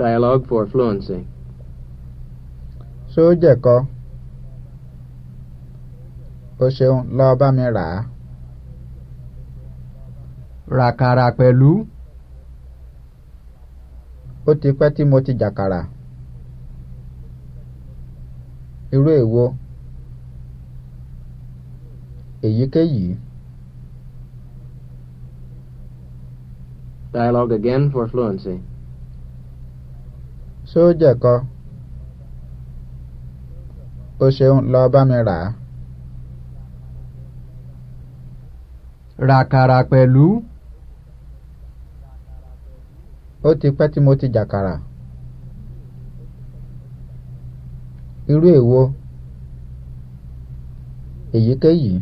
Dialogue for fluency. Ṣó jẹ̀ kọ́? O ṣeun lọ bá mi rà á. Ràkàrà pẹ̀lú. Ó ti pẹ́ tí mo ti jàkàrà. Irú èwo? Èyíkéyìí. Dialogue again for fluency sójà kan o ṣeun lọ bá mi rà á. ràkàrà pẹ̀lú. ó ti pẹ́ tí mo ti jàkàrà. irú èwo èyíkéyìí.